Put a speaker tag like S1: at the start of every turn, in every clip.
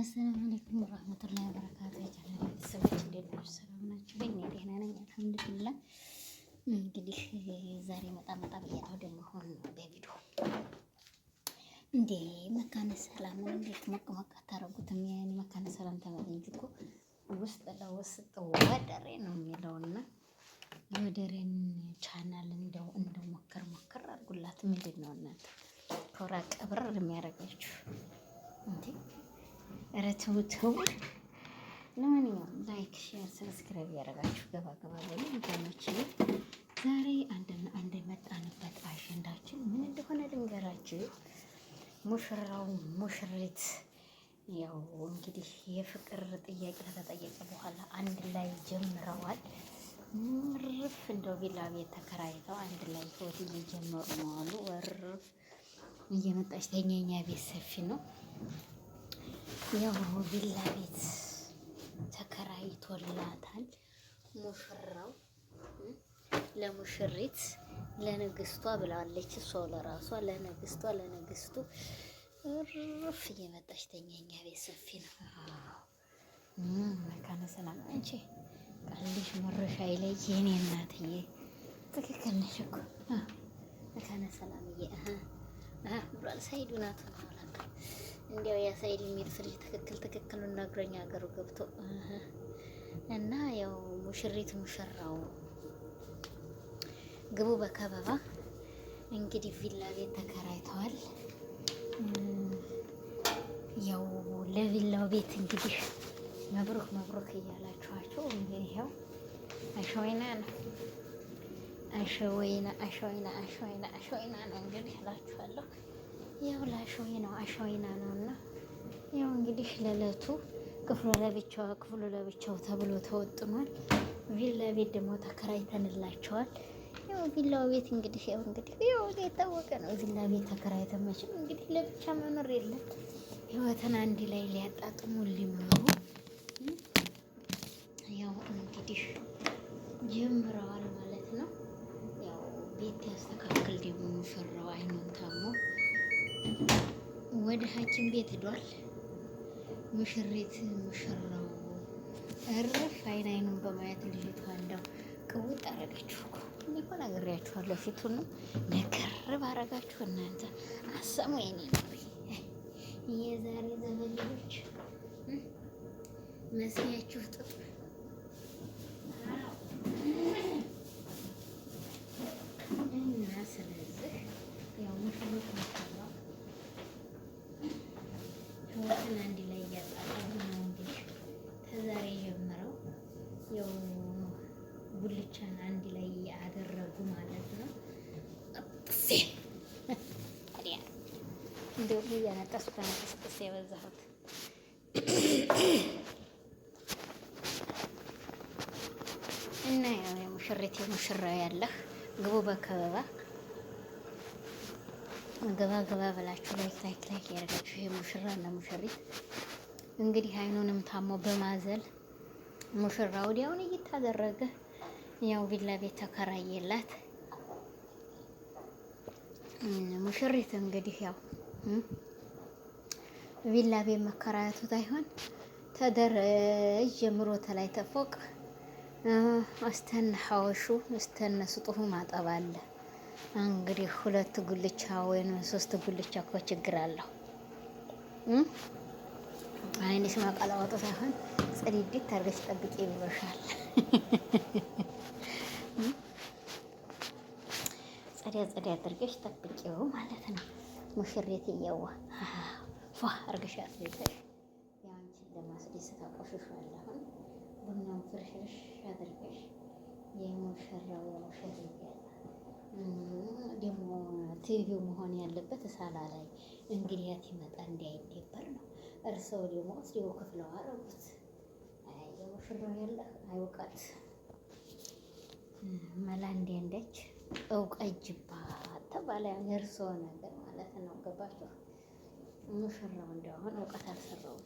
S1: አሰላሙ አለይኩም ወራህመቱላሂ ወበረካቱ። የቻናል ቤተሰቦች እንዴት ናችሁ? ሰላም ናችሁ? እኔ ደህና ነኝ አልሐምዱሊላህ። እንግዲህ ዛሬ መጣ መጣ ብያለሁ ደግሞ አሁን በቪዲዮ እንዴ መካነ ሰላም እንዴት ሞቅ ሞቅ አታረጉትም? ያኔ መካነ ሰላም ተባለ እኮ ውስጥ ለውስጥ ወደሬ ነው የሚለውና የወደሬን ቻናል እንደው እንደው ሞከር ሞከር አድርጉላት። ምንድን ነው እናንተ ኮራ ቀብር የሚያደርጋችሁ እንዴ? ኧረ ተው ተው። ለማንኛውም ላይክ፣ ሼር፣ ሰብስክራይብ ያደረጋችሁ ገባ ገባ በሉ ወገኖችን። ዛሬ አንድና አንድ የመጣንበት አጀንዳችን ምን እንደሆነ ልንገራችሁ። ሙሽራው ሙሽሪት ያው እንግዲህ የፍቅር ጥያቄ ከተጠየቀ በኋላ አንድ ላይ ጀምረዋል። ምርፍ እንደው ቪላ ቤት ተከራይተው አንድ ላይ ህይወት እየጀመሩ ነው አሉ። ወርፍ እየመጣች ተኛ ቤት ሰፊ ነው ያው ቪላ ቤት ተከራይቶላታል ሙሽራው ለሙሽሪት ለንግስቷ ብላለች። እሷ ለራሷ ለንግስቷ ለንግስቱ እርፍ እየመጣች ተኛኛ ቤት ሰፊ ነው። መካነ ሰላም አንቺ ቃልሽ መረሻ ይለይ የኔ እናትዬ፣ ትክክል ነሽ እኮ መካነ ሰላምዬ ብሏል። ሳይዱናቱ ነው እንዲያው ያሳይል የሚል ፍሬ ትክክል ትክክሉን ነግሮኝ ሀገሩ ገብቶ እና ያው ሙሽሪት ሙሽራው ግቡ በከበባ እንግዲህ ቪላ ቤት ተከራይተዋል። ያው ለቪላው ቤት እንግዲህ መብሩክ መብሩክ እያላችኋቸው እንግዲህ ያው አሸወይና ነው አሸወይና አሸወይና አሸወይና አሸወይና ነው እንግዲህ እላችኋለሁ። ያው ለአሸዌ ነው አሸዌና ነው እና ያው እንግዲህ ለዕለቱ ክፍሉ ለብቻው ክፍሉ ለብቻው ተብሎ ተወጥኗል። ቪላ ቤት ደግሞ ተከራይተንላቸዋል። ያው ቪላው ቤት እንግዲህ ያው እንግዲህ ያው የታወቀ ነው። ቪላ ቤት ተከራይተን መቼም እንግዲህ ለብቻ መኖር የለም። ህይወትን አንድ ላይ ሊያጣጥሙ ሊመሩ ያው እንግዲህ ወደ ሐኪም ቤት ሄዷል። ሙሽሪት ሙሽራው እርፍ አይን አይኑን በማየት ልጅቷ እንደው ቅውጥ አረጋችሁ እኮ እኔ እኮ ነግሬያችኋለሁ። ፊቱን ነገር ባረጋችሁ እናንተ አሰሙ የኔ ነው የዛሬ ዘመን ልጆች መስያችሁ ጥጡ አንድ ላይ ያደረጉ ማለት ነው። ጥሴ ታዲያ እንደውም እያነጠስኩ ተነጠስ ቅስ የበዛሁት እና ያው የሙሽሪት የሙሽራ ያለህ ግቡ በከበባ ገባ ገባ ብላችሁ ላይክ ላይክ ላይክ ያደርጋችሁ ሙሽራ እና ሙሽሪት እንግዲህ አይኑንም ታሞ በማዘል ሙሽራ ወዲያውን እየታደረገ ያው ቪላ ቤት ተከራየላት። ሙሽሪት እንግዲህ ያው ቪላ ቤት መከራየቱ ታይሆን ተደረ ጀምሮ ተላይ ተፎቅ አስተን ሐወሹ አስተን ስጡሁ ማጠብ አለ። እንግዲህ ሁለት ጉልቻ ወይም ሶስት ጉልቻ እኮ ችግር አለው። አይንሽን አቃላዋጡ ሳይሆን ጽድድት ታርገሽ ጠብቄ ብሎሻል። ጸዳ ጸዳ አድርገሽ ጠብቄው ማለት ነው። ሙሽሬት እየዋ ፏ አርገሽ አስቤተሽ ያንቺን ለማስደሰት አቆሽሿል። አሁን ቡናም ፍርሽርሽ አድርገሽ የሙሽራው የሙሽር ደግሞ ቲቪው መሆን ያለበት እሳላ ላይ እንግዲያት ይመጣ እንዲያይደበር ነው እርሰው ደግሞ ስዲው ክፍለው አረጉት። አይ የሙሽራው ያለ አይውቃት መላ እንዲያንዳች እውቀጅባ ተባለ። የእርሰው ነገር ማለት ነው። ገባችሁ? ሙሽራው እንደሆነ እውቀት አልሰራውም።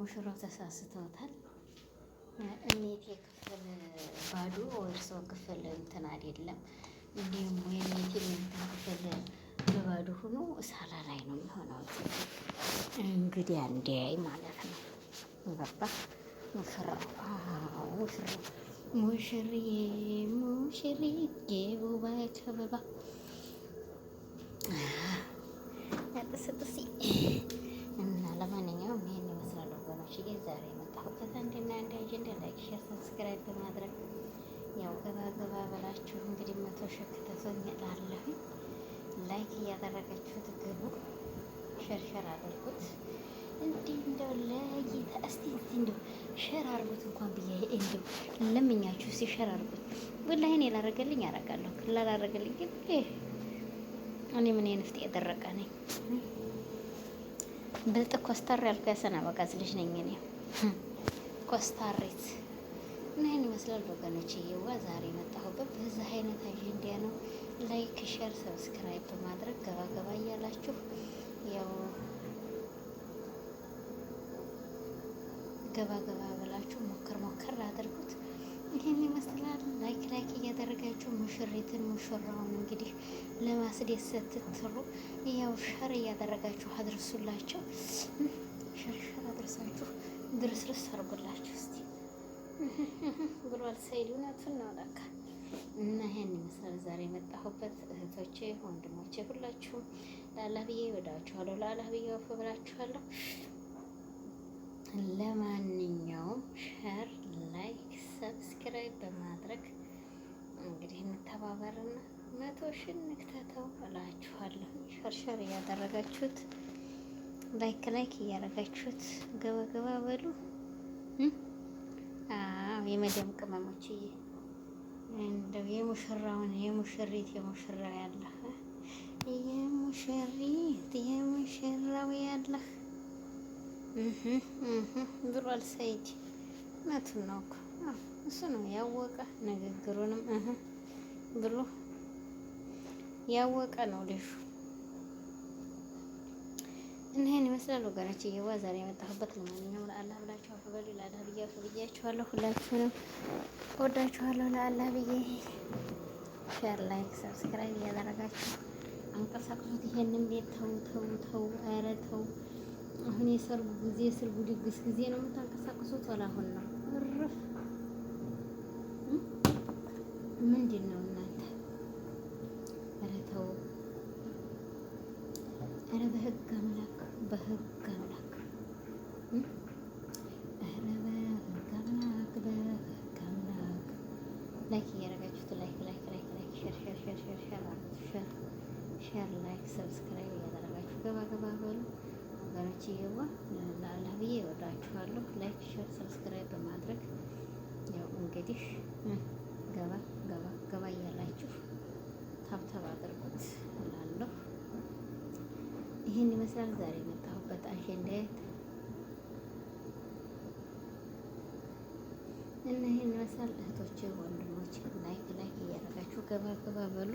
S1: ሙሽራው ተሳስተውታል። እኔቴ ክፍል ባዶ እርሰው ክፍል እንትን አይደለም። እንዲሁም የእኔቴ እንትን ክፍል ከባዱ ሆኖ ሳራ ላይ ነው የሚሆነው። እንግዲህ አንዴ ማለት ነው። ገባ ሙሽራው ሙሽራው ሙሽርዬ ሙሽርዬ ውበት አበባ እና ለማንኛውም ይህን ይመስላል ወገኖች። ዛሬ የመጣሁበት አንድና አንድ አጀንዳ ላይክ፣ ሼር፣ ሰብስክራይብ በማድረግ ያው ገባ ገባ በላችሁ እንግዲህ መቶ ላይክ እያደረጋችሁት ግቡ፣ ሸርሸር አድርጉት። እንዲህ እንደው ለይታ እስቲ እስቲ እንደው ሸር አድርጉት እንኳን ብዬ እንደው ለምኛችሁ እስቲ ሸር አድርጉት። ወላሂ እኔ ላደረገልኝ አደርጋለሁ፣ ላላደረገልኝ ግን እኔ ምን ንፍጥ የደረቀ ነኝ። ብልጥ ኮስታር ያልኩ ያሰናበቃት ልጅ ነኝ እኔ ኮስታሬት ይመስላል ወገኖች። እየዋ ዛሬ የመጣሁበት በዛ አይነት አጀንዳ ነው። ላይክ፣ ሸር፣ ሰብስክራይብ በማድረግ ገባ ገባ እያላችሁ ያው ገባ ገባ ብላችሁ ሞከር ሞከር አድርጉት። ይህን ይመስላል። ላይክ ላይክ እያደረጋችሁ ሙሽሪትን ሙሽራውን እንግዲህ ለማስደሰት ስትሉ ያው ሸር እያደረጋችሁ አድርሱላቸው። ሸር ሸር አድርሳችሁ ድርስርስ አድርጉላችሁ እስቲ ጉርባል ሰይድ። እውነቱን ነው ለካ። እና ይሄን ይመስላል ዛሬ የመጣሁበት እህቶቼ፣ ወንድሞቼ ሁላችሁም ለአላህ ብዬ ይወዳችኋለሁ። ለአላህ ብዬ ወፍ ብላችኋለሁ። ለማንኛውም ሸር፣ ላይክ፣ ሰብስክራይብ በማድረግ እንግዲህ እንተባበርና መቶ ሺህ እንክተተው እላችኋለሁ። ሸርሸር እያደረጋችሁት ላይክ ላይክ እያደረጋችሁት ገባ ገባ በሉ። የመደም ቅመሞችዬ እንደው የሙሽራውን የሙሽሪት የሙሽራው ያለህ የሙሽሪት የሙሽራው ያለህ ብሏል ሰይድ። እውነቱን ነው እኮ እሱ ነው ያወቀ ንግግሩንም ብሎ ያወቀ ነው ልጁ። ይህን ይመስላል ወገኖች። የዋ ዛሬ የመጣሁበት ለማንኛውም ለአላህ ብላችሁ አፍ በሉ። ለአላህ ብዬ አፍ ብያችኋለሁ። ሁላችሁንም እወዳችኋለሁ። ለአላህ ብዬ ሼር፣ ላይክ፣ ሰብስክራይብ እያደረጋችሁ አንቀሳቅሱት። ይሄንን ቤት ተው ተው ተው፣ ኧረ ተው። አሁን የሰርጉ ጊዜ የሰርጉ ድግስ ጊዜ ነው የምታንቀሳቅሱት። ወላሁን ነው እርፍ። ምንድን ነው እናንተ? ኧረ ተው፣ ኧረ በህግ አምላክ በህግ አምላክ ኧረ በህግ አምላክ በህግ አምላክ ላይክ እያደረጋችሁት ላይክ ላይክ ላይክ ላይክ ሼር ሼር ሼር ሼር ሼር አድርጉት ላይክ ሰብስክራይብ እያደረጋችሁ ገባ ገባ በሉ ሀገሮች እየዋ ለአላህ ብዬ እወዳችኋለሁ። ላይክ ሼር ሰብስክራይብ በማድረግ ያው እንግዲህ ገባ ገባ ገባ እያላችሁ ታብታብ አድርጉት እላለሁ። ይህን ይመስላል ዛሬ ነው። መጣሽ? እንዴት እና ይሄን መሳል እህቶቼ፣ ወንድሞቼ ላይክ ላይክ እያደረጋችሁ ገባ ገባ በሉ።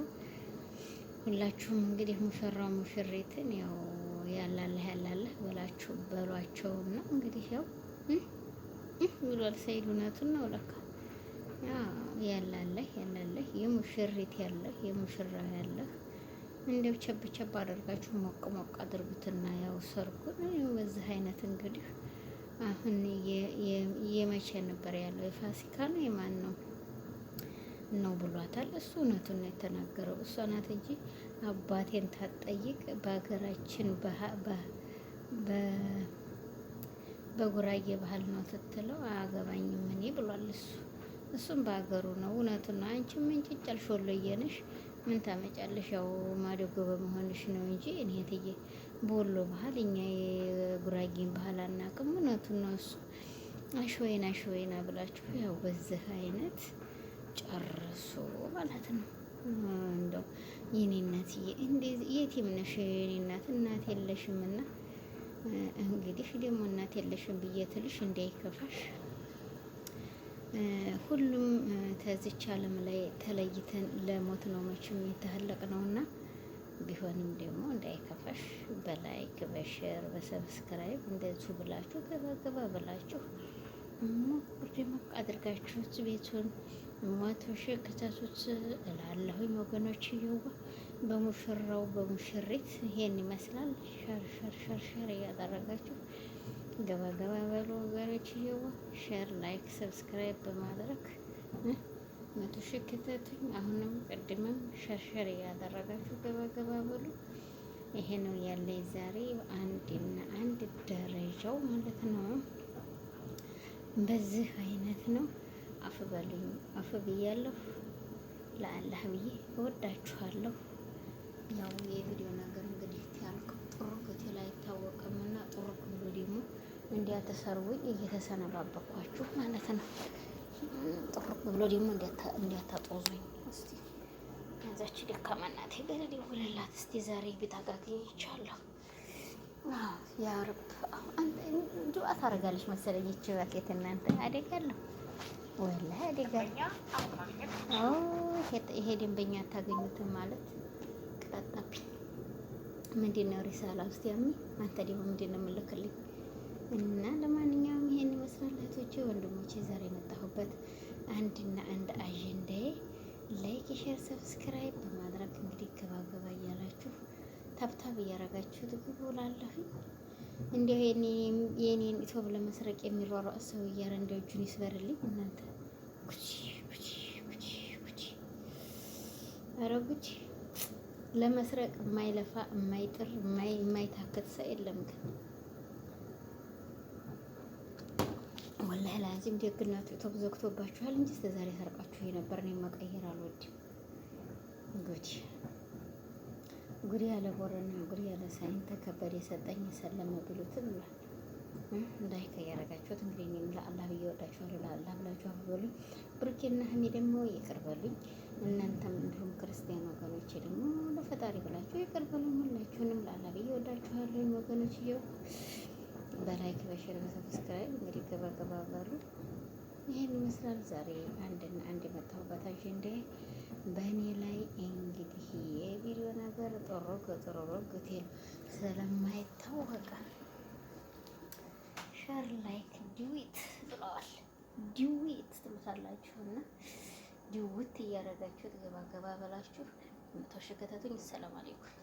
S1: ሁላችሁም እንግዲህ ሙሽራው ሙሽሪትን ያው ያላለህ ያላለህ ብላችሁ በሏቸው ነው እንግዲህ ያው ብሏል ሰይድ እውነቱን ነው ለካ ያላለህ ያላለህ የሙሽሪት ያለህ የሙሽራ ያለህ እንደው ቸብ ቸብ አደርጋችሁ ሞቅ ሞቅ አድርጉትና ያው ሰርጉን በዚህ አይነት እንግዲህ አሁን የመቼ ነበር ያለው የፋሲካ ነው የማን ነው ነው ብሏታል። እሱ እውነቱን ነው የተናገረው። እሷ ናት እንጂ አባቴን ታጠይቅ በሀገራችን በጉራጌ ባህል ነው ትትለው አያገባኝም እኔ ብሏል። እሱ እሱም በሀገሩ ነው እውነቱን ነው። አንቺ ምን ጭጫል ሾሎዬ ነሽ ምን ታመጫለሽ? ያው ማደጎ በመሆንሽ ነው እንጂ እኔ እትዬ በወሎ ባህል እኛ የጉራጌን ባህል አናውቅም። እውነቱን ነው እሱ። አሸወይን አሸወይን ብላችሁ ያው በዚህ አይነት ጨርሱ ማለት ነው። እንደው የኔ እናትዬ የቲም ነሽ የኔ እናት እናት የለሽም እና እንግዲህ ደግሞ እናት የለሽም ብዬ ትልሽ እንዳይከፋሽ ሁሉም ተዚች ዓለም ላይ ተለይተን ለሞት ነው መቼም የተህለቅ ነውና፣ ቢሆንም ደግሞ እንዳይከፋሽ በላይክ በሼር በሰብስክራይብ እንደዚሁ ብላችሁ ገባገባ ብላችሁ ሞቁርድ ሞቅ አድርጋችሁት ቤቱን ሟቶ ሽ ክተቱት እላለሁኝ ወገኖች። እየዋ በሙሽራው በሙሽሪት ይሄን ይመስላል። ሸር ሸር ሸር ሸር እያደረጋችሁ ገባ ገባ በሉ ወገኖች፣ ይሄው ሼር፣ ላይክ፣ ሰብስክራይብ በማድረግ መቶ ሺህ ክተቱኝ። አሁንም ቅድምም ሸርሸር እያደረጋችሁ ገባ ገባ በሉ። ይሄ ነው ያለኝ ዛሬ አንድና አንድ ደረጃው ማለት ነው። በዚህ አይነት ነው። አፍ በሉኝ፣ አፍ ብያለሁ። ለአላህ ብዬ እወዳችኋለሁ። ያው የቪዲዮ እንዳትሰርቡኝ እየተሰነባበኳችሁ ማለት ነው። ጥሩ ብሎ ደግሞ እንዳታጦዙኝ። እስቲ እዛች ደካማ እናቴ ገለል ይውልላት። እስቲ ዛሬ ቤት አጋግኝቻለሁ። ያ ረብ ዱዓ ታደርጋለች መሰለኝ። ይቺ ባኬት እናንተ አደጋለሁ ወላ አደጋለሁ። ይሄ ደንበኛ አታገኙትም ማለት ቅጣጣቢ ምንድን ነው? ሪሳላ ውስጥ ያሚ አንተ ደግሞ ምንድን ነው የምልክልኝ እና ለማንኛውም ይሄን ይመስላል እህቶቼ ወንድሞቼ፣ ዛሬ የመጣሁበት አንድና አንድ አጀንዳዬ ላይክ፣ ሼር፣ ሰብስክራይብ በማድረግ እንግዲህ ገባገባ እያላችሁ ታብታብ እያረጋችሁ ትግቡ ላለሁኝ እንዲሁ የኔን ኢትዮብ ለመስረቅ የሚሯሯጥ ሰው እያረ እንደ እጁን ይስበርልኝ እናንተ ጉቺ ለመስረቅ የማይለፋ የማይጥር የማይታክት ሰው የለም ግን ወላሂ ላዚም ደግነቱ ተዘግቶባችኋል እንጂ እስከ ዛሬ ሰርቃችሁ የነበር ነው መቀየር አልወድም። እንግዲህ ጉድ ያለ ቦረና ጉድ ያለ ሳይን ተከበደ የሰጠኝ የሰለመ ብሉትም ይላል እንዳይከ ያረጋችሁት እንግዲህ እኔም ለአላህ ብዬ ወዳችኋለሁ። ለአላህ ብላችሁ አብሉኝ። ብሩኬና ህሜ ደግሞ ይቅርበሉኝ። እናንተም እንዲሁም ክርስቲያን ወገኖች ደግሞ ለፈጣሪ ብላችሁ ይቅርበሉኝ። ሁላችሁንም ለአላህ ብዬ ወዳችኋለሁ ወገኖች እየው በላይክ በሽር በሰብስክራይብ እንግዲህ ገባ ገባ በሉ። ይህን ይመስላል ዛሬ አንድና አንድ የመጣሁበት አጀንዳ በእኔ ላይ እንግዲህ የቪዲዮ ነገር ጦሮግ ጦሮሮግ ቴል ስለማይታወቅ ሸር ላይክ ዲዊት ብለዋል። ዲዊት ትሉታላችሁ እና ዲዊት እያደረጋችሁት ገባ ገባ በላችሁ መቶ ሺህ ሰላም አለይኩም